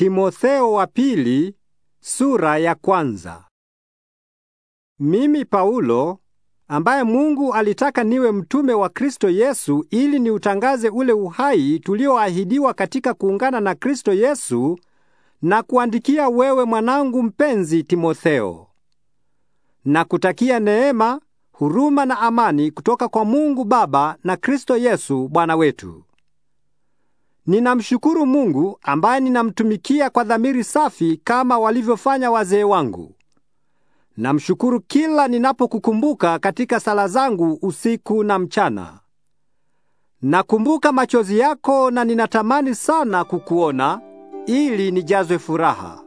Timotheo wa pili sura ya kwanza. Mimi Paulo ambaye Mungu alitaka niwe mtume wa Kristo Yesu ili niutangaze ule uhai tulioahidiwa katika kuungana na Kristo Yesu na kuandikia wewe mwanangu mpenzi Timotheo. Na kutakia neema, huruma na amani kutoka kwa Mungu Baba na Kristo Yesu Bwana wetu. Ninamshukuru Mungu ambaye ninamtumikia kwa dhamiri safi kama walivyofanya wazee wangu. Namshukuru kila ninapokukumbuka katika sala zangu usiku na mchana. Nakumbuka machozi yako na ninatamani sana kukuona ili nijazwe furaha.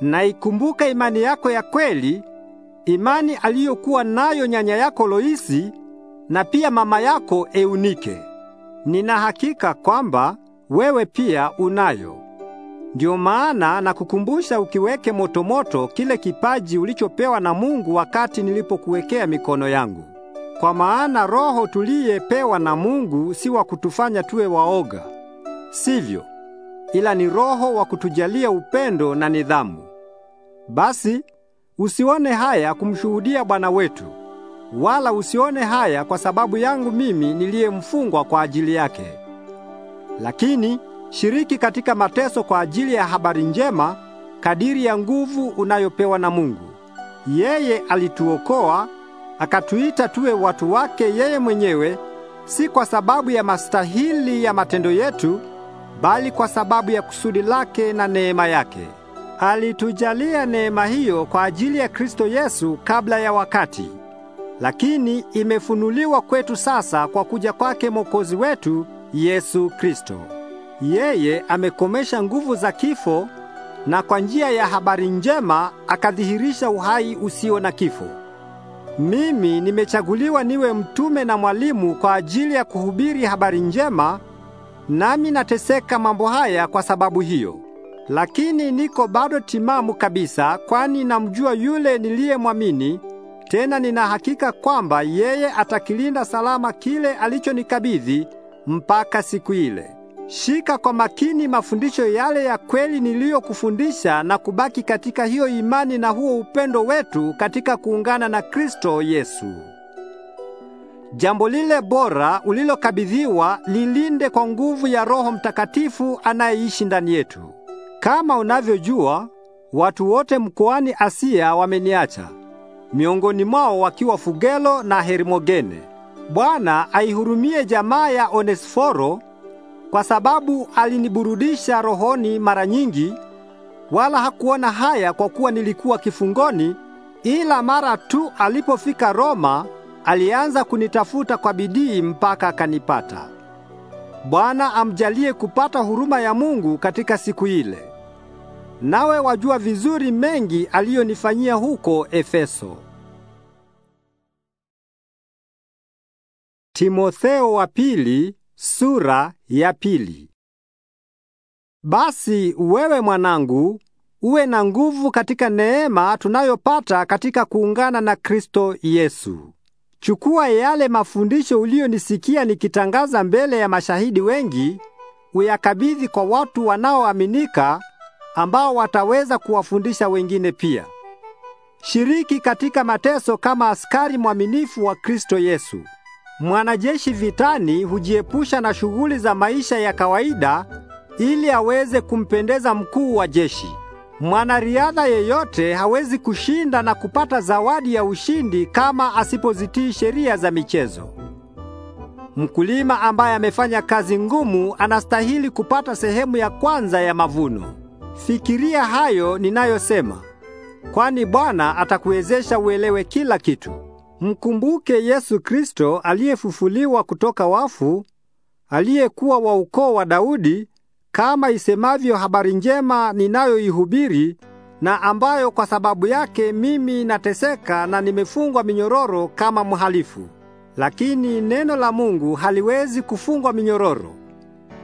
Naikumbuka imani yako ya kweli, imani aliyokuwa nayo nyanya yako Loisi na pia mama yako Eunike. Nina hakika kwamba wewe pia unayo. ndio maana nakukumbusha ukiweke motomoto kile kipaji ulichopewa na Mungu wakati nilipokuwekea mikono yangu. Kwa maana roho tuliyepewa na Mungu si wa kutufanya tuwe waoga, sivyo, ila ni roho wa kutujalia upendo na nidhamu. Basi usione haya kumshuhudia Bwana wetu, wala usione haya kwa sababu yangu mimi niliyemfungwa kwa ajili yake. Lakini shiriki katika mateso kwa ajili ya habari njema kadiri ya nguvu unayopewa na Mungu. Yeye alituokoa akatuita tuwe watu wake yeye mwenyewe, si kwa sababu ya mastahili ya matendo yetu, bali kwa sababu ya kusudi lake na neema yake. Alitujalia neema hiyo kwa ajili ya Kristo Yesu kabla ya wakati, lakini imefunuliwa kwetu sasa kwa kuja kwake Mwokozi wetu Yesu Kristo. Yeye amekomesha nguvu za kifo na kwa njia ya habari njema akadhihirisha uhai usio na kifo. Mimi nimechaguliwa niwe mtume na mwalimu kwa ajili ya kuhubiri habari njema, nami nateseka mambo haya kwa sababu hiyo. Lakini niko bado timamu kabisa, kwani namjua yule niliyemwamini, tena nina hakika kwamba yeye atakilinda salama kile alichonikabidhi mpaka siku ile. Shika kwa makini mafundisho yale ya kweli niliyokufundisha na kubaki katika hiyo imani na huo upendo wetu katika kuungana na Kristo Yesu. Jambo lile bora ulilokabidhiwa lilinde kwa nguvu ya Roho Mtakatifu anayeishi ndani yetu. Kama unavyojua, watu wote mkoani Asia wameniacha, miongoni mwao wakiwa Fugelo na Hermogene. Bwana aihurumie jamaa ya Onesiforo kwa sababu aliniburudisha rohoni mara nyingi, wala hakuona haya kwa kuwa nilikuwa kifungoni, ila mara tu alipofika Roma alianza kunitafuta kwa bidii mpaka akanipata. Bwana amjalie kupata huruma ya Mungu katika siku ile. Nawe wajua vizuri mengi aliyonifanyia huko Efeso. Timotheo wa pili sura ya pili. Basi wewe mwanangu, uwe na nguvu katika neema tunayopata katika kuungana na Kristo Yesu. Chukua yale mafundisho uliyonisikia nikitangaza mbele ya mashahidi wengi, uyakabidhi kwa watu wanaoaminika ambao wataweza kuwafundisha wengine pia. Shiriki katika mateso kama askari mwaminifu wa Kristo Yesu. Mwanajeshi vitani hujiepusha na shughuli za maisha ya kawaida ili aweze kumpendeza mkuu wa jeshi. Mwanariadha yeyote hawezi kushinda na kupata zawadi ya ushindi kama asipozitii sheria za michezo. Mkulima ambaye amefanya kazi ngumu anastahili kupata sehemu ya kwanza ya mavuno. Fikiria hayo ninayosema, kwani Bwana atakuwezesha uelewe kila kitu. Mkumbuke Yesu Kristo aliyefufuliwa kutoka wafu, aliyekuwa wa ukoo wa Daudi, kama isemavyo habari njema ninayoihubiri na ambayo kwa sababu yake mimi nateseka na nimefungwa minyororo kama mhalifu. Lakini neno la Mungu haliwezi kufungwa minyororo.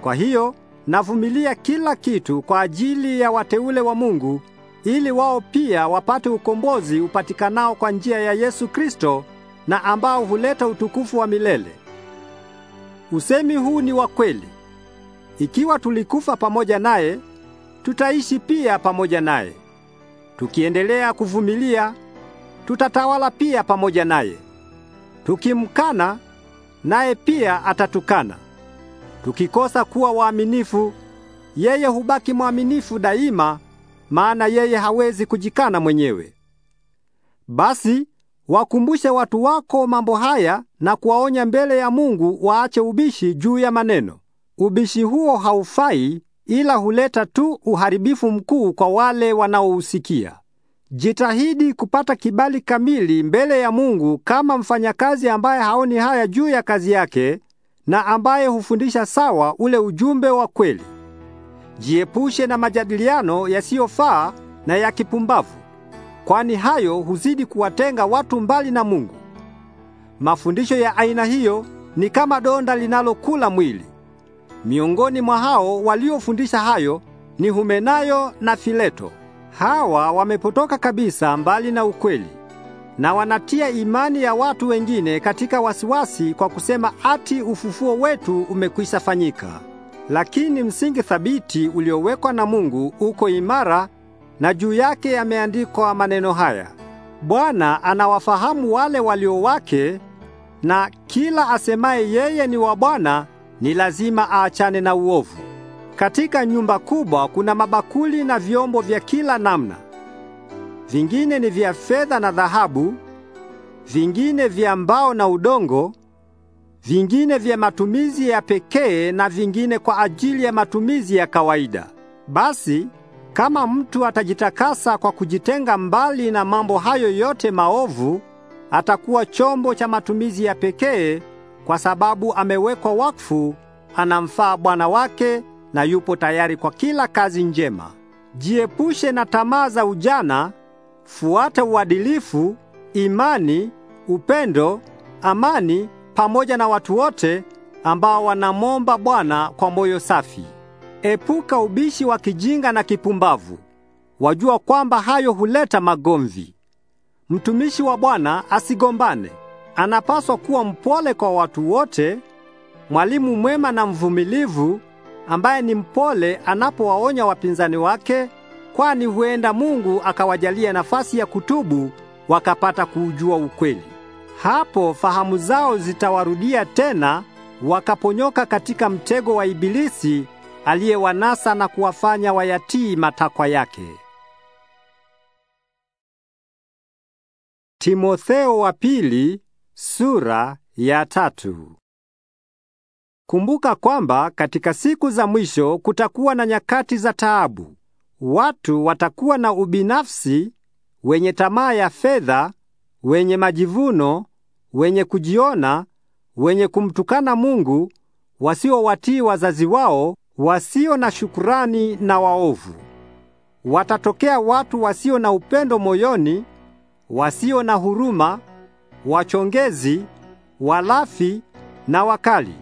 Kwa hiyo navumilia kila kitu kwa ajili ya wateule wa Mungu ili wao pia wapate ukombozi upatikanao kwa njia ya Yesu Kristo na ambao huleta utukufu wa milele. Usemi huu ni wa kweli. Ikiwa tulikufa pamoja naye, tutaishi pia pamoja naye. Tukiendelea kuvumilia, tutatawala pia pamoja naye. Tukimkana, naye pia atatukana. Tukikosa kuwa waaminifu, yeye hubaki mwaminifu daima maana yeye hawezi kujikana mwenyewe. Basi wakumbushe watu wako mambo haya na kuwaonya mbele ya Mungu waache ubishi juu ya maneno. Ubishi huo haufai ila huleta tu uharibifu mkuu kwa wale wanaousikia. Jitahidi kupata kibali kamili mbele ya Mungu kama mfanyakazi ambaye haoni haya juu ya kazi yake na ambaye hufundisha sawa ule ujumbe wa kweli. Jiepushe na majadiliano yasiyofaa na ya kipumbavu, kwani hayo huzidi kuwatenga watu mbali na Mungu. Mafundisho ya aina hiyo ni kama donda linalokula mwili. Miongoni mwa hao waliofundisha hayo ni Humenayo na Fileto. Hawa wamepotoka kabisa mbali na ukweli na wanatia imani ya watu wengine katika wasiwasi kwa kusema ati ufufuo wetu umekwisha fanyika. Lakini msingi thabiti uliowekwa na Mungu uko imara na juu yake yameandikwa maneno haya: Bwana anawafahamu wale walio wake, na kila asemaye yeye ni wa Bwana ni lazima aachane na uovu. Katika nyumba kubwa kuna mabakuli na vyombo vya kila namna. Vingine ni vya fedha na dhahabu, vingine vya mbao na udongo, vingine vya matumizi ya pekee na vingine kwa ajili ya matumizi ya kawaida. Basi kama mtu atajitakasa kwa kujitenga mbali na mambo hayo yote maovu, atakuwa chombo cha matumizi ya pekee kwa sababu amewekwa wakfu, anamfaa Bwana wake na yupo tayari kwa kila kazi njema. Jiepushe na tamaa za ujana, fuata uadilifu, imani, upendo, amani pamoja na watu wote ambao wanamwomba Bwana kwa moyo safi. Epuka ubishi wa kijinga na kipumbavu. Wajua kwamba hayo huleta magomvi. Mtumishi wa Bwana asigombane. Anapaswa kuwa mpole kwa watu wote, mwalimu mwema na mvumilivu, ambaye ni mpole anapowaonya wapinzani wake, kwani huenda Mungu akawajalia nafasi ya kutubu wakapata kuujua ukweli. Hapo fahamu zao zitawarudia tena, wakaponyoka katika mtego wa Ibilisi aliyewanasa na kuwafanya wayatii matakwa yake. Timotheo wa pili sura ya tatu. Kumbuka kwamba katika siku za mwisho kutakuwa na nyakati za taabu. Watu watakuwa na ubinafsi, wenye tamaa ya fedha, wenye majivuno, wenye kujiona, wenye kumtukana Mungu, wasiowatii wazazi wao, wasio na shukurani na waovu. Watatokea watu wasio na upendo moyoni, wasio na huruma, wachongezi, walafi na wakali.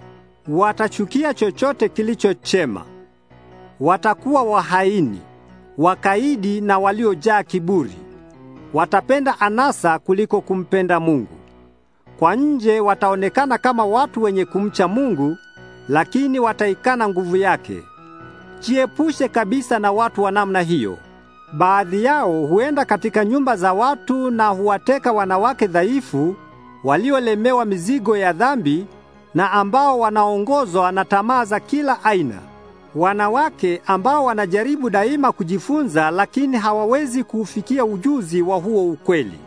Watachukia chochote kilicho chema. Watakuwa wahaini, wakaidi na waliojaa kiburi. Watapenda anasa kuliko kumpenda Mungu. Kwa nje wataonekana kama watu wenye kumcha Mungu, lakini wataikana nguvu yake. Jiepushe kabisa na watu wa namna hiyo. Baadhi yao huenda katika nyumba za watu na huwateka wanawake dhaifu waliolemewa mizigo ya dhambi na ambao wanaongozwa na tamaa za kila aina. Wanawake ambao wanajaribu daima kujifunza lakini hawawezi kuufikia ujuzi wa huo ukweli.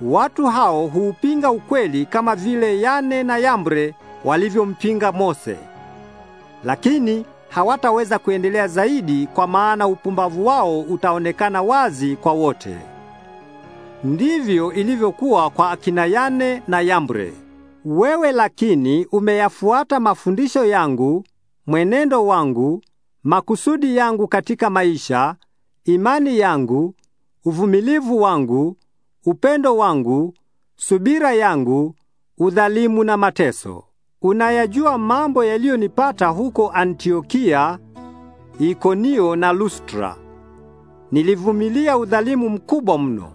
Watu hao huupinga ukweli kama vile Yane na Yambre walivyompinga Mose. Lakini hawataweza kuendelea zaidi kwa maana upumbavu wao utaonekana wazi kwa wote. Ndivyo ilivyokuwa kwa akina Yane na Yambre. Wewe lakini umeyafuata mafundisho yangu, mwenendo wangu, makusudi yangu katika maisha, imani yangu, uvumilivu wangu upendo wangu, subira yangu, udhalimu na mateso. Unayajua mambo yaliyonipata huko Antiokia, Ikonio na Lustra. Nilivumilia udhalimu mkubwa mno,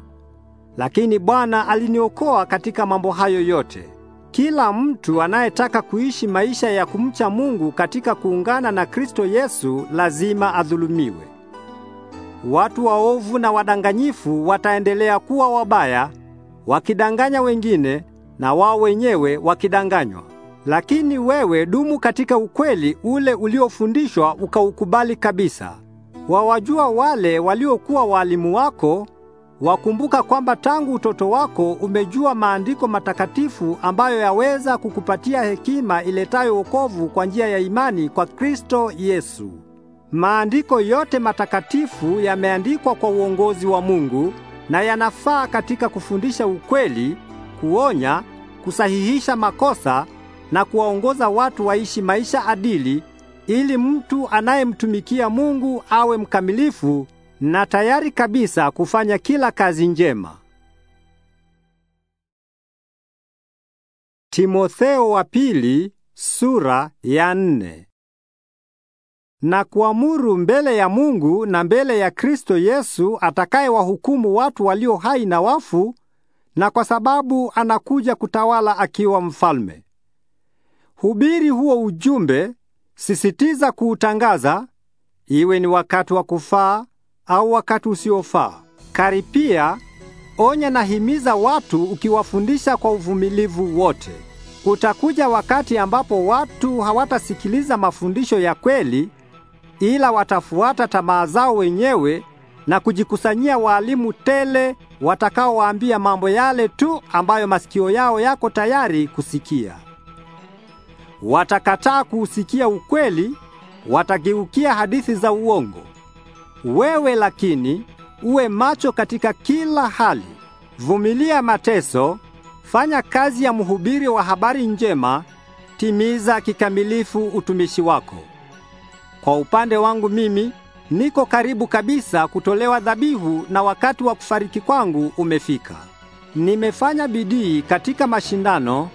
lakini Bwana aliniokoa katika mambo hayo yote. Kila mtu anayetaka kuishi maisha ya kumcha Mungu katika kuungana na Kristo Yesu lazima adhulumiwe. Watu waovu na wadanganyifu wataendelea kuwa wabaya, wakidanganya wengine na wao wenyewe wakidanganywa. Lakini wewe dumu katika ukweli ule uliofundishwa ukaukubali kabisa. Wawajua wale waliokuwa walimu wako, wakumbuka kwamba tangu utoto wako umejua maandiko matakatifu ambayo yaweza kukupatia hekima iletayo wokovu kwa njia ya imani kwa Kristo Yesu. Maandiko yote matakatifu yameandikwa kwa uongozi wa Mungu na yanafaa katika kufundisha ukweli, kuonya, kusahihisha makosa na kuwaongoza watu waishi maisha adili ili mtu anayemtumikia Mungu awe mkamilifu na tayari kabisa kufanya kila kazi njema. Timotheo wa pili sura ya nne na kuamuru mbele ya Mungu na mbele ya Kristo Yesu atakayewahukumu watu walio hai na wafu, na kwa sababu anakuja kutawala akiwa mfalme. Hubiri huo ujumbe, sisitiza kuutangaza, iwe ni wakati wa kufaa au wakati usiofaa. Karipia, onya na himiza watu ukiwafundisha kwa uvumilivu wote. Utakuja wakati ambapo watu hawatasikiliza mafundisho ya kweli ila watafuata tamaa zao wenyewe na kujikusanyia waalimu tele watakaowaambia mambo yale tu ambayo masikio yao yako tayari kusikia. Watakataa kuusikia ukweli, watageukia hadithi za uongo. Wewe lakini uwe macho katika kila hali. Vumilia mateso, fanya kazi ya mhubiri wa habari njema, timiza kikamilifu utumishi wako. Kwa upande wangu mimi niko karibu kabisa kutolewa dhabihu na wakati wa kufariki kwangu umefika. Nimefanya bidii katika mashindano,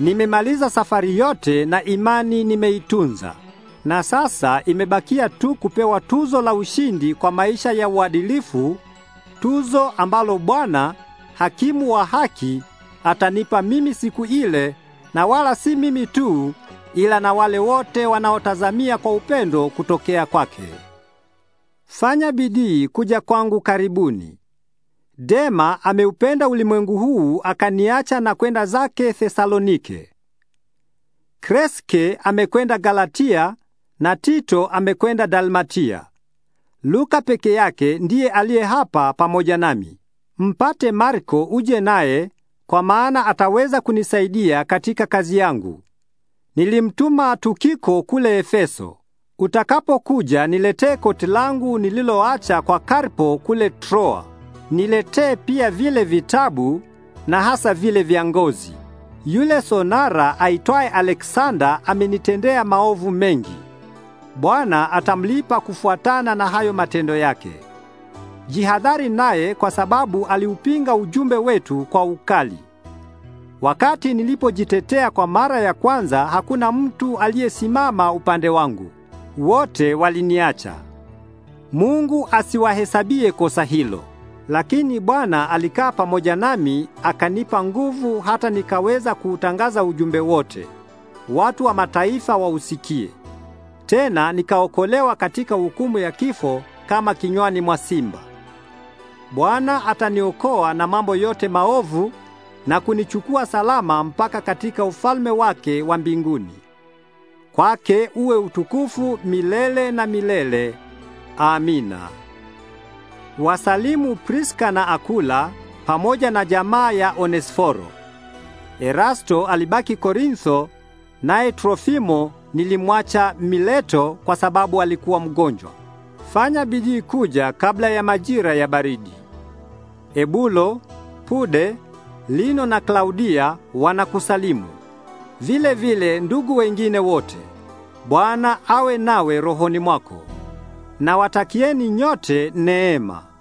nimemaliza safari yote na imani nimeitunza. Na sasa imebakia tu kupewa tuzo la ushindi kwa maisha ya uadilifu, tuzo ambalo Bwana hakimu wa haki atanipa mimi siku ile, na wala si mimi tu, ila na wale wote wanaotazamia kwa upendo kutokea kwake. Fanya bidii kuja kwangu karibuni. Dema ameupenda ulimwengu huu akaniacha na kwenda zake Thesalonike. Kreske amekwenda Galatia na Tito amekwenda Dalmatia. Luka peke yake ndiye aliye hapa pamoja nami. Mpate Marko uje naye kwa maana ataweza kunisaidia katika kazi yangu. Nilimtuma Tukiko kule Efeso. Utakapokuja niletee koti langu nililoacha kwa Karpo kule Troa. Niletee pia vile vitabu na hasa vile vya ngozi. Yule sonara aitwaye Alexander amenitendea maovu mengi. Bwana atamlipa kufuatana na hayo matendo yake. Jihadhari naye kwa sababu aliupinga ujumbe wetu kwa ukali. Wakati nilipojitetea kwa mara ya kwanza, hakuna mtu aliyesimama upande wangu. Wote waliniacha. Mungu asiwahesabie kosa hilo. Lakini Bwana alikaa pamoja nami, akanipa nguvu hata nikaweza kuutangaza ujumbe wote. Watu wa mataifa wausikie. Tena nikaokolewa katika hukumu ya kifo kama kinywani mwa simba. Bwana ataniokoa na mambo yote maovu na kunichukua salama mpaka katika ufalme wake wa mbinguni. Kwake uwe utukufu milele na milele. Amina. Wasalimu Priska na Akula pamoja na jamaa ya Onesforo. Erasto alibaki Korintho, naye Trofimo nilimwacha Mileto kwa sababu alikuwa mgonjwa. Fanya bidii kuja kabla ya majira ya baridi. Ebulo, Pude Lino na Klaudia wanakusalimu. Vile vile ndugu wengine wote. Bwana awe nawe rohoni mwako. Na watakieni nyote neema.